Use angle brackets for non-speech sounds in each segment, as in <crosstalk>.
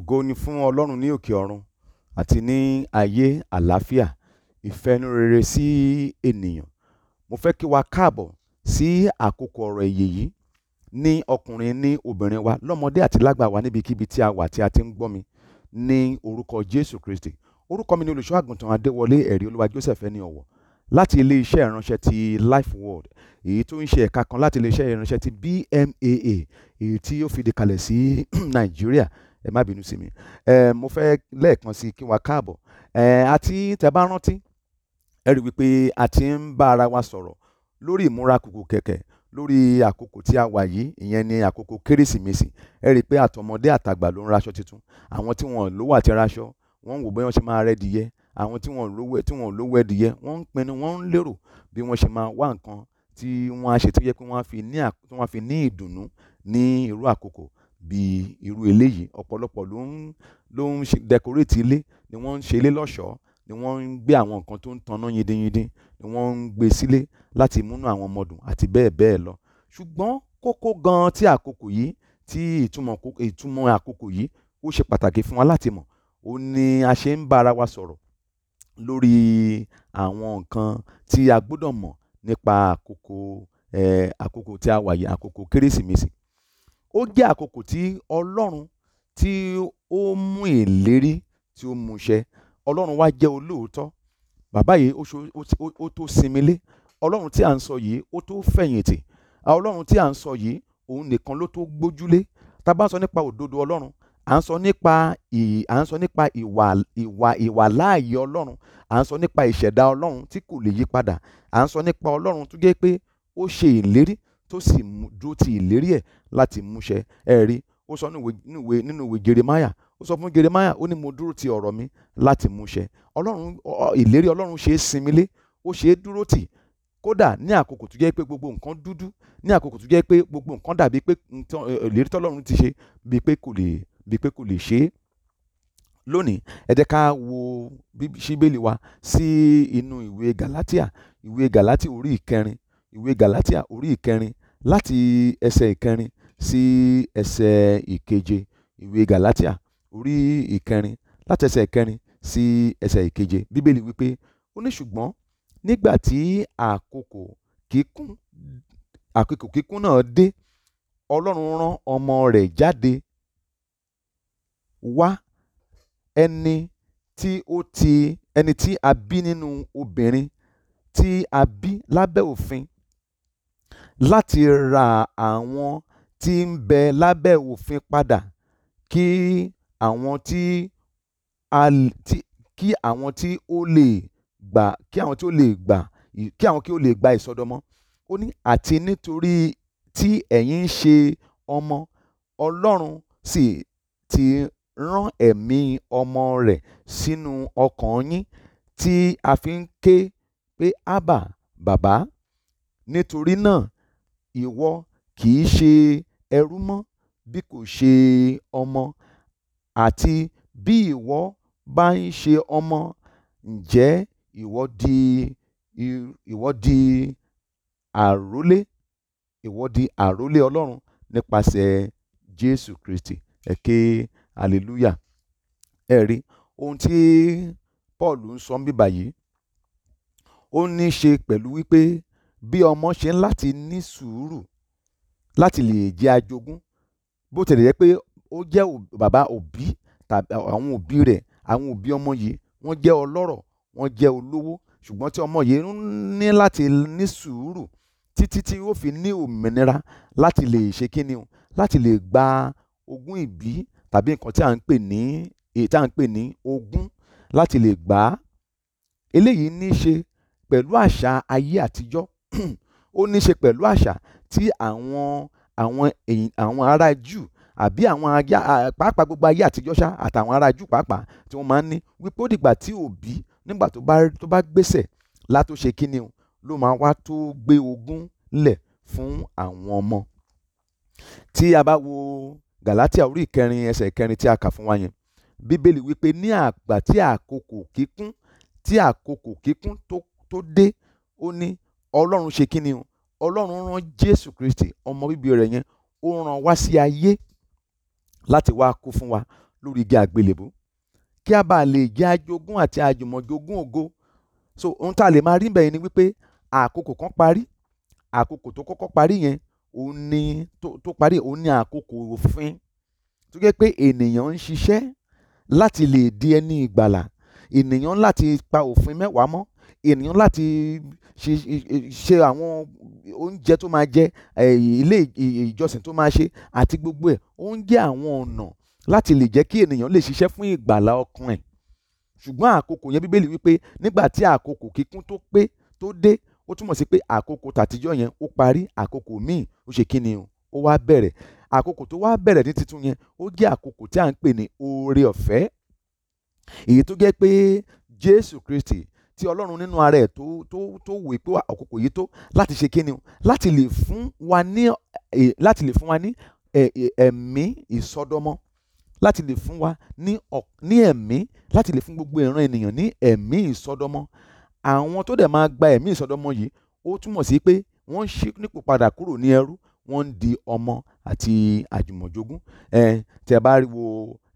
ògo ni fún ọlọ́run ní òkè ọ̀run àti ní ayé àlàáfíà ìfẹ́nu rere sí ènìyàn mo fẹ́ kí wa káàbọ̀ sí àkókò ọ̀rọ̀ èyí yìí ní ọkùnrin ní obìnrin wa lọ́mọdé àti lágbà wa níbikíbi tí a wà tí a ti ń gbọ́ mi ní orúkọ jésù kristi orúkọ mi ni olùṣọ́ àgùntàn adéwọlé ẹ̀rí olúwa joseph ẹni ọ̀wọ̀ láti ilé iṣẹ́ ìránṣẹ́ ti life world èyí tó ń ṣe ẹ̀ka kan láti ilé iṣẹ́ ìránṣẹ́ ti bmaa èyí tí ó fìdí kalẹ̀ sí <clears throat> nàìjíríà ẹ má bínú sí mi ẹ mo fẹ́ lẹ́ẹ̀kan sí kí wá káàbọ̀ ẹ àti tẹ́ bá rántí ẹ rí wípé a ti ń bá ara wa sọ̀rọ̀ lórí ìmúra kùkù kẹ̀kẹ́ lórí àkókò tí a wà yìí ìyẹn ni àkókò kérésìmesì ẹ rí i pé àtọmọdé àtàgbà ló ń raṣọ tuntun àwọn tí wọn lówó àti raṣọ wọn ń wò bóyá wọn ṣe máa rẹ dìyẹ àwọn tí wọn lówó tí wọn lówó ẹdìyẹ wọn ń pinnu wọn ń lérò bí wọn ṣe máa wá nǹkan tí wọn á ṣe tó yẹ pé wọn á fi ní ìdùnnú ní irú àkókò bí irú eléyìí ọ̀pọ̀lọpọ̀ ló ń ló ń decorate ilé ni wọ́n ń ṣe ilé lọ́ṣọ̀ọ́ ni wọ́n ń gbé àwọn nǹkan tó ń tanná yindínyindín ni wọ́n ń gbé sílé láti múnú àwọn ọmọ dùn àti bẹ́ẹ̀ bẹ́ẹ̀ lọ ṣùgbọ́n kókó gan tí àkókò yìí tí ìtumọ̀ ìtumọ̀ àkókò yìí ó ṣe pàtàkì fún wa láti mọ̀ ó ní a ṣe ń bára wa sọ̀rọ̀ lórí àwọn nǹkan tí a gbọ́dọ̀ mọ̀ nípa àkókò àkókò tí a wà yìí àkókò kérésìmesì ó jẹ́ àkókò tí ọlọ́run tí ó mú ìlérí tí ó mú ṣẹ ọlọ́run wá jẹ́ olóòótọ́ bàbá yìí ó tó sinmi lé ọlọ́run tí à ń sọ yìí ó tó fẹ̀yìntì ọlọ́run tí à ń sọ yìí òun nìkan ló tó gbójúlé tá a bá sọ nípa òdodo ọlọ́run à ń sọ nípa à ń sọ nípa ìwà ìwà ìwà láàyè ọlọ́run à ń sọ nípa ìṣẹ̀dá ọlọ́run tí kò lè yí padà à ń sọ nípa ọlọ́run tó jẹ́ pé ó ṣe ìlérí tó sì dúró ti ìlérí ẹ̀ láti múṣẹ ẹ rí ó sọ nínú ìwé jeremiah ó sọ fún jeremiah ó ní mo dúró ti ọ̀rọ̀ mi láti múṣẹ ọlọ́run ìlérí ọlọ́run ṣe é sinmi lé ó ṣe é dúró tì kódà ní àkókò tó jẹ́ pé gbogbo nǹkan dúdú ní àkókò tó jẹ́ pé gbogbo nǹkan dàbí pé ìlérí tọ́lọ́run ti ṣe bíi pé kò lè bíi pé kò lè ṣe é lónìí ẹ jẹ́ ká wo bíbélì wa sí inú ìwé galatia ìwé galatia orí ìkẹrin ìwé galatia orí ìkẹrin láti ẹsẹ̀ ìkẹrin sí ẹsẹ̀ ìkeje ìwé galatia orí ìkẹrin láti ẹsẹ̀ ìkẹrin sí ẹsẹ̀ ìkeje bíbélì wípé ó ní ṣùgbọ́n nígbà tí àkókò kíkún àkókò kíkún náà dé ọlọ́run rán ọmọ rẹ̀ jáde wá ẹni tí ó ti ẹni tí a bí nínú obìnrin tí a bí lábẹ́ òfin láti ra àwọn tí ń bẹ lábẹ́ òfin padà kí àwọn tí ó lè gbà kí àwọn tí ó lè gbà kí àwọn kí ó lè gba ìsọdọmọ ó ní àti nítorí tí ẹ̀yin ń ṣe ọmọ ọlọ́run sì ti rán ẹ̀mí ọmọ rẹ̀ sínú ọkàn yín tí a fi ń ké pé ábà bàbá nítorí náà ìwọ kì í ṣe ẹrú mọ́ bí kò ṣe ọmọ àti bí ìwọ bá ń ṣe ọmọ ǹjẹ́ ìwọ di ìwọ di àrólé ìwọ di àrólé ọlọ́run nípasẹ̀ jésù kristi ẹ̀kẹ́ hallelujah ẹ̀rí ohun tí paul ń sọ ń bíbà yìí ó ní í ṣe pẹ̀lú wípé bí ọmọ ṣe ń láti ní sùúrù láti lè jẹ́ ajogún bó tilẹ̀ jẹ́ pé ó jẹ́ bàbá òbí tàbí àwọn òbí rẹ̀ àwọn òbí ọmọ yìí wọ́n jẹ́ ọlọ́rọ̀ wọ́n jẹ́ olówó ṣùgbọ́n tí ọmọ yìí ní láti ní sùúrù títí tí ó fi ní òmìnira láti lè ṣe kíni o láti lè gba ogún ìbí tàbí nǹkan tí à ń pè ní èyí tí à ń pè ní ogún láti lè gbà á eléyìí ní í ṣe pẹ̀lú àṣà ayé àtijọ́ ó ní í ṣe pẹ̀lú àṣà tí àwọn àwọn àwọn ará jù àbí àwọn ajá pàápàá gbogbo ayé àtijọ́ ṣá àtàwọn ará jù pàápàá tí wọ́n máa ń ní wípé ó dìgbà tí òbí nígbà tó bá tó bá gbèsè látó ṣe kíni o ló máa wá tó gbé ogún lẹ̀ fún àwọn ọmọ tí a bá wo Gàlátíà orí ìkẹrin ẹsẹ̀ ìkẹrin tí a kà fún wa yẹn bíbélì wípé ní àgbà tí àkókò kíkún tí àkókò kíkún tó dé ó ní ọlọ́run ṣe kí ni o ọlọ́run rán jésù kristi ọmọ bíbí rẹ̀ yẹn ó rán wá sí ayé láti wá kú fún wa lórí igi àgbélébùú kí a bá lè jẹ́ ajogún àti àjùmọ̀jogún ògo so ohun tá a lè máa rí bẹ́ẹ̀ ni wípé àkókò kan parí àkókò tó kọ́kọ́ parí yẹn òun ni tó parí òun ni àkókò òfin tó jẹ́ pé ènìyàn ń ṣiṣẹ́ láti lè di ẹni ìgbàlà ènìyàn láti pa òfin mẹ́wàá mọ́ ènìyàn láti ṣe ṣe àwọn oúnjẹ tó máa jẹ eh, ilé ìjọsìn tó máa ṣe àti gbogbo ẹ̀ ó ń jẹ́ àwọn ọ̀nà láti lè jẹ́ kí ènìyàn lè ṣiṣẹ́ fún ìgbàlá ọkàn ẹ̀ ṣùgbọ́n àkókò yẹn bíbélì wípé nígbà tí àkókò kíkún tó pé tó dé ó túmọ̀ sí pé àkókò tàtijọ́ yẹn ó parí àkókò míì ó ṣe kí ni o ó wá bẹ̀rẹ̀ àkókò tó wá bẹ̀rẹ̀ ní titun yẹn ó jẹ́ àkókò tí à ń pè ní oore ọ̀fẹ́ èyí tó jẹ́ pé Jésù Kristi tí ọlọ́run nínú ara ẹ̀ tó tó tó wò pé àkókò yìí tó láti ṣe kíni láti lè fún wa ní láti lè fún wa ní ẹ̀mí ìsọdọmọ láti lè fún wa ní ní ẹ̀mí láti lè fún gbogbo ìran ènìyàn ní ẹ̀mí ìsọdọmọ àwọn tó dẹ̀ máa gba ẹ̀mí ìsọdọmọ yìí ó túmọ̀ sí pé wọ́n ń ṣe nípò padà kúrò ní ẹrú wọ́n ń di ọmọ àti àjùmọ̀jogún ẹ̀ tí bá rí wo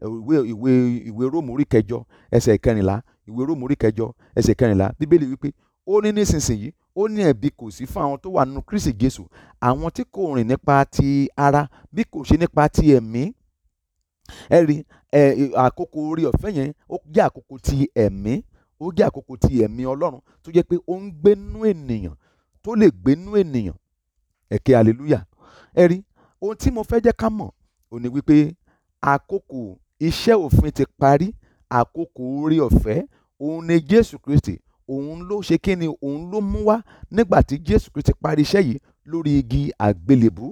ìwé ìwé ìwé róòmù orí kẹjọ ẹsẹ̀ kẹrìnlá ìwé róòmù orí kẹjọ ẹsẹ̀ kẹrìnlá bíbélì wípé ó ní nísinsìnyí ó ní ẹ̀bi kò sí fún àwọn tó wà nínú kristi jésù àwọn tí kò rìn nípa ti ara bí kò ṣe nípa ti ẹ̀mí ẹ rí ẹ àkókò orí ọ̀fẹ́ yẹn ó jẹ́ àkókò ti ẹ̀mí ó jẹ́ àkókò ti ẹ̀mí ọlọ́run tó jẹ́ pé ó ń gbénú ènìyàn tó lè gbénú ènìyàn ẹ̀kẹ́ hallelujah ẹ rí ohun tí mo fẹ́ jẹ́ ká mọ̀ ò ní wípé àkókò iṣẹ́ òfin ti parí àkókò orí ọ̀fẹ́ òun ni jésù kristi òun ló ṣe kí ni òun ló mú wá nígbà tí jésù kristi parí iṣẹ́ yìí lórí igi àgbélébú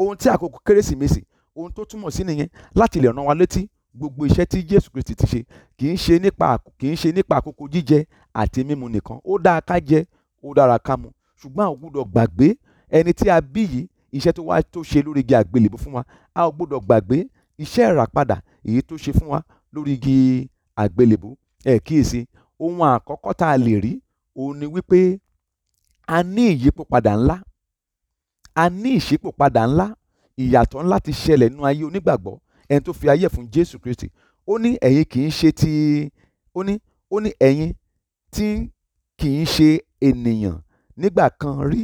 ohun tí àkókò kérésìmesì ohun tó túmọ̀ sí nìyẹn láti lè rán wa létí gbogbo iṣẹ́ tí jésù kristi ti ṣe kì í ṣe nípa kì í ṣe nípa àkókò jíjẹ àti mímu nìkan ó dáa ká jẹ ó dára ká mu ṣùgbọ́n a ò gbúdọ̀ gbàgbé ẹni tí a bí yìí iṣẹ́ tó wá tó ṣe lórí igi àgbélébú fún wa a gbúdọ̀ gbàgbé iṣẹ́ ìràpadà èyí tó ṣe fún wa lórí igi àgbélébú ẹ kíyèsí ohun àkọ́kọ́ tá a lè rí òun ni wípé a ní ìyípòpadà ńlá a ní ìṣípòpadà ńlá ìyàtọ̀ ńlá ti ṣẹlẹ̀ nínú ayé onígbàgbọ́ ẹni tó fi ayé fún Jésù Kristi ó ní ẹ̀yin kì í ṣe ti ó ní ó ní ẹ̀yin tí kì í ṣe ènìyàn nígbà kan rí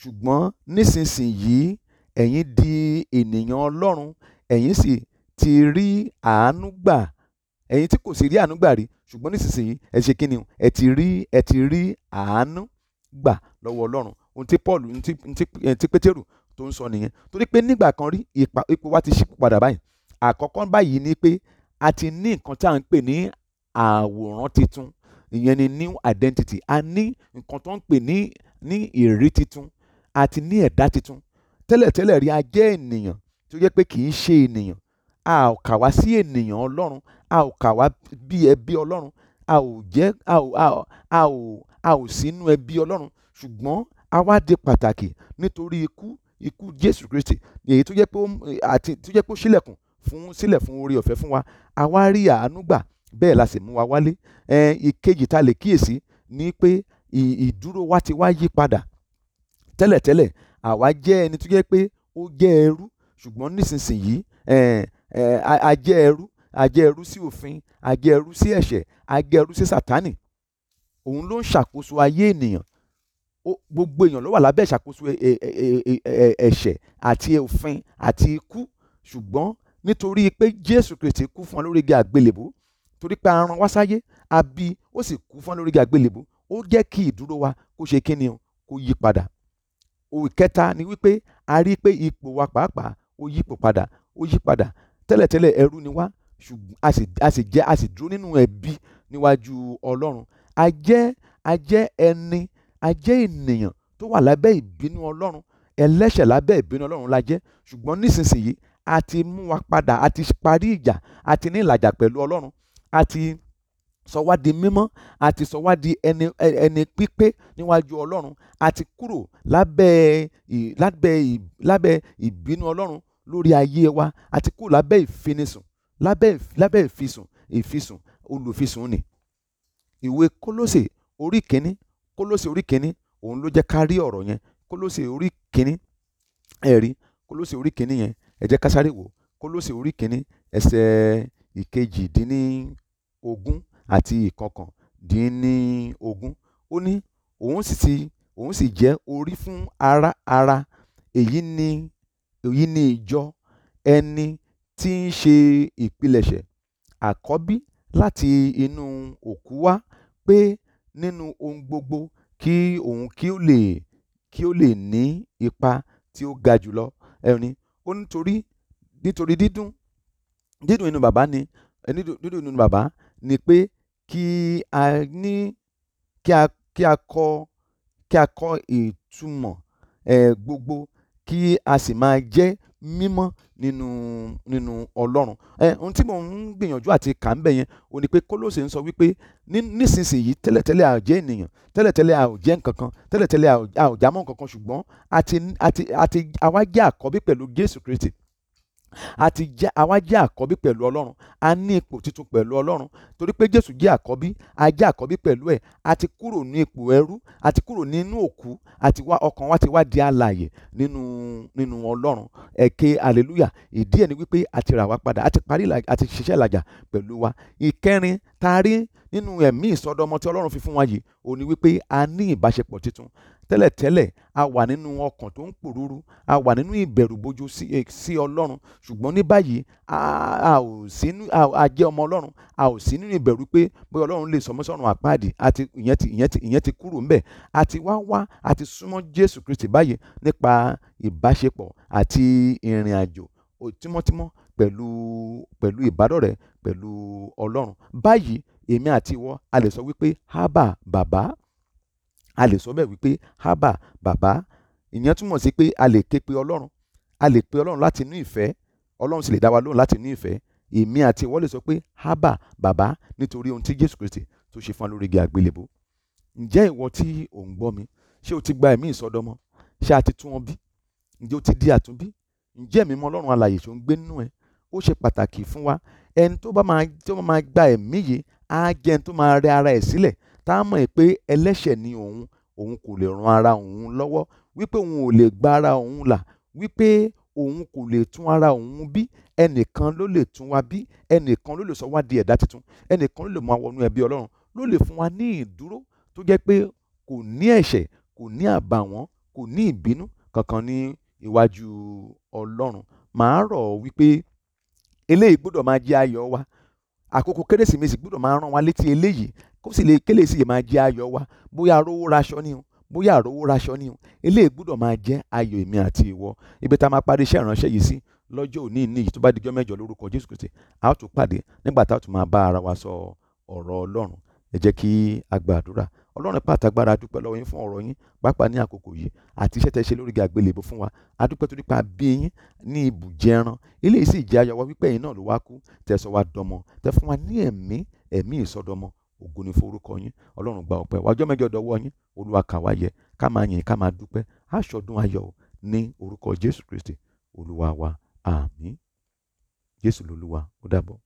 ṣùgbọ́n nísinsìnyí ẹ̀yin di ènìyàn Ọlọ́run ẹ̀yin sì ti rí àánú gbà ẹ̀yin tí kò sì rí àánú gbà rí ṣùgbọ́n nísinsìnyí ẹ ṣe kíni ẹ ti rí ẹ ti rí àánú gbà lọ́wọ́ ọlọ́run ohun tí paul ti pétérù tó ń sọ nìyẹn torí pé nígbà kan rí ipò wa ti ṣípò padà báyìí àkọ́kọ́ báyìí ni pé a ti ní nǹkan tí a ń pè ní àwòrán titun ìyẹn ni new identity a ní nǹkan tó ń pè ní ní ìrí titun a ti ní ẹ̀dá titun tẹ́lẹ̀tẹ́lẹ̀ rí a jẹ́ ènìyàn tó yẹ pé kì í ṣe ènìyàn a kà wá sí ènìyàn ọlọ́run a ò kà wá bí ẹbí ọlọ́run a ò jẹ́ a ò a ò a ò a ò sínú ẹbí ọlọ́run ṣùgbọ́n a wá di pàtàkì nítorí ikú ikú Jésù Kristi èyí tó jẹ́ pé àti tó jẹ́ pé ó ṣílẹ̀kùn fún sílẹ̀ fún oore ọ̀fẹ́ fún wa a wá rí àánú gbà bẹ́ẹ̀ la sì mú wa wálé ìkejì ta lè kíyèsí ni pé ìdúró wa ti wá yí padà tẹ́lẹ̀tẹ́lẹ̀ àwa jẹ́ ẹni tó jẹ́ pé ó jẹ́ ẹrú ṣùgbọ́n nísinsìnyí a ẹrú a jẹ́ ẹrú sí òfin a jẹ́ ẹrú sí ẹ̀ṣẹ̀ a jẹ́ ẹrú sí sátánì òun ló ń ṣàkóso ayé ènìyàn gbogbo èèyàn ló wà lábẹ́ ìṣàkóso ẹ̀ṣẹ̀ àti òfin àti ikú ṣùgbọ́n nítorí pé Jésù Kristi kú fún wa àgbélébó torí pé a wá sáyé a ó sì kú fún wa àgbélébó ó jẹ́ kí ìdúró wa kó ṣe kíni o kó yí padà òkẹta ni wípé a rí i pé ipò wa pàápàá ó yípo padà ó yí padà tẹ́lẹ̀tẹ́lẹ̀ ẹrú ni wá ṣùgbọ́n a sì a sì jẹ́ a sì dúró nínú ẹ̀bi níwájú ọlọ́run a jẹ́ a jẹ́ ẹni a jẹ́ ènìyàn tó wà lábẹ́ ìbínú ọlọ́run ẹlẹ́ṣẹ̀ lábẹ́ ìbínú ọlọ́run la jẹ́ ṣùgbọ́n nísinsìnyí a ti mú wa padà a ti parí ìjà a ti ní ìlàjà pẹ̀lú ọlọ́run a ti sọ wá di mímọ́ a ti sọ wá di ẹni ẹni pípé níwájú ọlọ́run a ti kúrò lábẹ́ lábẹ́ lábẹ́ ìbínú ọlọ́run lórí ayé wa a ti kúrò lábẹ́ ìfinisùn lábẹ́ lábẹ́ ìfisùn ìfisùn olùfisùn ni ìwé kólósè orí kínní kólósè orí kínní òun ló jẹ́ ká rí ọ̀rọ̀ yẹn kólósè orí kínní ẹ̀rí kólósè orí kínní yẹn ẹ jẹ́ ká sáré wò kólósè orí kínní ẹsẹ̀ ìkejì-dín-ní-ogún àti ìkọkàn-dín-ní-ogún ó ní òun sì ti òun sì jẹ́ orí fún ara ara èyí ni èyí ni ìjọ ẹni tí í ṣe ìpilẹ̀ṣẹ̀ àkọ́bí láti inú òkú wá pé nínú ohun gbogbo kí òun kí ó lè kí ó lè ní ipa tí ó ga jùlọ ẹni ó nítorí nítorí dídùn dídùn inú bàbá ni dídùn inú bàbá ni pé kí a ní kí a kí a kọ kí a kọ ìtumọ̀ gbogbo kí a sì máa jẹ́ mímọ́ nínú nínú ọlọ́run ẹ ohun tí mò ń gbìyànjú àti kà ń bẹ̀ yẹn ó ní pé Kólósè ń sọ wípé nísinsìnyí tẹ́lẹ̀tẹ́lẹ̀ a ò jẹ́ ènìyàn tẹ́lẹ̀tẹ́lẹ̀ a ò jẹ́ nǹkankan tẹ́lẹ̀tẹ́lẹ̀ a ò jámọ́ nǹkankan ṣùgbọ́n a ti àkọ́bí pẹ̀lú Jésù Kristi àti jẹ́ àwa jẹ́ àkọ́bí pẹ̀lú ọlọ́run a ní ipò tuntun pẹ̀lú ọlọ́run torí pé jésù jẹ́ àkọ́bí a jẹ́ àkọ́bí pẹ̀lú ẹ̀ a ti kúrò ní ipò ẹrú a ti kúrò nínú òkú àti wá ọkàn wa ti wá di alààyè nínú nínú ọlọ́run ẹ̀kẹ́ hallelujah ìdí ẹ̀ ni wípé a ti rà wá padà a ti parí a ti ṣiṣẹ́ ìlàjà pẹ̀lú wa ìkẹrin tá a rí nínú ẹ̀mí ìsọdọmọ tí ọlọ́run fi fún wa yìí òun wípé a ní ìbáṣepọ̀ tuntun tẹ́lẹ̀tẹ́lẹ̀ a wà nínú ọkàn tó ń pòrúurú a wà nínú ìbẹ̀rùbojo eh, sí ọlọ́run ṣùgbọ́n ní báyìí a ò sí a jẹ́ ọmọ ọlọ́run a ò sí nínú ìbẹ̀rù pé bóyá ọlọ́run lè sọmọ́ sọ́run àpáàdì àti ìyẹn ti ìyẹn ti ìyẹn ti kúrò ńbẹ̀ àti wá wá àti súnmọ́ jésù kristi báyìí nípa ìbáṣepọ̀ àti ìrìn àjò tímọ́tímọ́ pẹ̀lú pẹ̀lú ìbádọ́rẹ̀ pẹ̀lú ọlọ́run báyìí èmi àti ìwọ a lè sọ wípé hábà bàbá a lè sọ bẹ́ẹ̀ wípé haba baba ìyẹn túmọ̀ sí pé a lè ké pe ọlọ́run a lè pe ọlọ́run láti inú ìfẹ́ ọlọ́run sì lè dá wa lóhùn láti inú ìfẹ́ èmi àti ìwọ lè sọ pé haba baba nítorí ohun tí jésù kristi tó ṣe fún wa lórí igi àgbélébó ǹjẹ́ ìwọ tí ò ń gbọ́ mi ṣé o ti gba ẹ̀mí ìsọdọmọ ṣé a ti tún ọ bí ǹjẹ́ o ti di àtúnbí ǹjẹ́ ẹ̀mí mọ́ ọlọ́run alààyè tó ń gbé nínú ẹ ó ṣe pàtàkì fún wa ẹni tó bá máa tó máa gba ẹ̀mí yìí á jẹ́ ẹni tó máa rẹ ara ẹ̀ sílẹ̀ tá a mọ̀ pé ẹlẹ́ṣẹ̀ ni òun òun kò lè ran ara òun lọ́wọ́ wípé òun ò lè gba ara òun là wípé òun kò lè tún ara òun bí ẹnìkan ló lè tún wa bí ẹnìkan ló lè sọ wá di ẹ̀dá tuntun ẹnìkan ló lè mú àwọn ọ̀nà ẹbí ọlọ́run ló lè fún wa ní ìdúró tó jẹ́ pé kò ní ẹ̀ṣẹ̀ kò ní àbàwọ́n kò ní ìbínú kankan ní iwájú ọlọ́run màá rọ̀ wípé eléyìí gbọ́dọ̀ máa jẹ́ ayọ̀ wa àkókò kérésìmesì gbọ́dọ̀ máa rán wa létí eléyìí kó sì lè kélé sì máa jẹ́ ayọ̀ wa bóyá arówó raṣọ ni o bóyá àrówó raṣọ ni o eléyìí gbúdọ̀ máa jẹ́ ayọ̀ èmi àti ìwọ ibi tá a máa parí iṣẹ́ ìránṣẹ́ yìí sí lọ́jọ́ òní ní yìí tó bá dijọ́ mẹ́jọ lórúkọ Jésù Kristi a ó tún pàdé nígbà tá a tún máa bá ara wa sọ ọ̀rọ̀ Ọlọ́run ẹ jẹ́ kí a gba àdúrà Ọlọ́run pàtàgbára dúpẹ́ lọ́wọ́ yín fún ọ̀rọ̀ yín pàápàá ní àkókò yìí àti iṣẹ́ tẹ́ ṣe lórí àgbélébùú fún wa a dúpẹ́ torí bí yín ní ibùjẹ ẹran eléyìí sì jẹ́ ayọ̀ wa wípé ẹ̀yin náà ló wá kú tẹ́ wa dọmọ tẹ́ fún wa ní ẹ̀mí ẹ̀mí ìsọdọmọ ògo ni forúkọ yín ọlọ́run gba ọpẹ́ wájọ́ mẹ́jọ dọwọ́ yín olúwa kà wá yẹ ká máa yìn ká máa dúpẹ́ aṣọdún ayọ̀ ní orúkọ jésù kristi olúwa wa àmín jésù lolúwa ó dàbọ̀.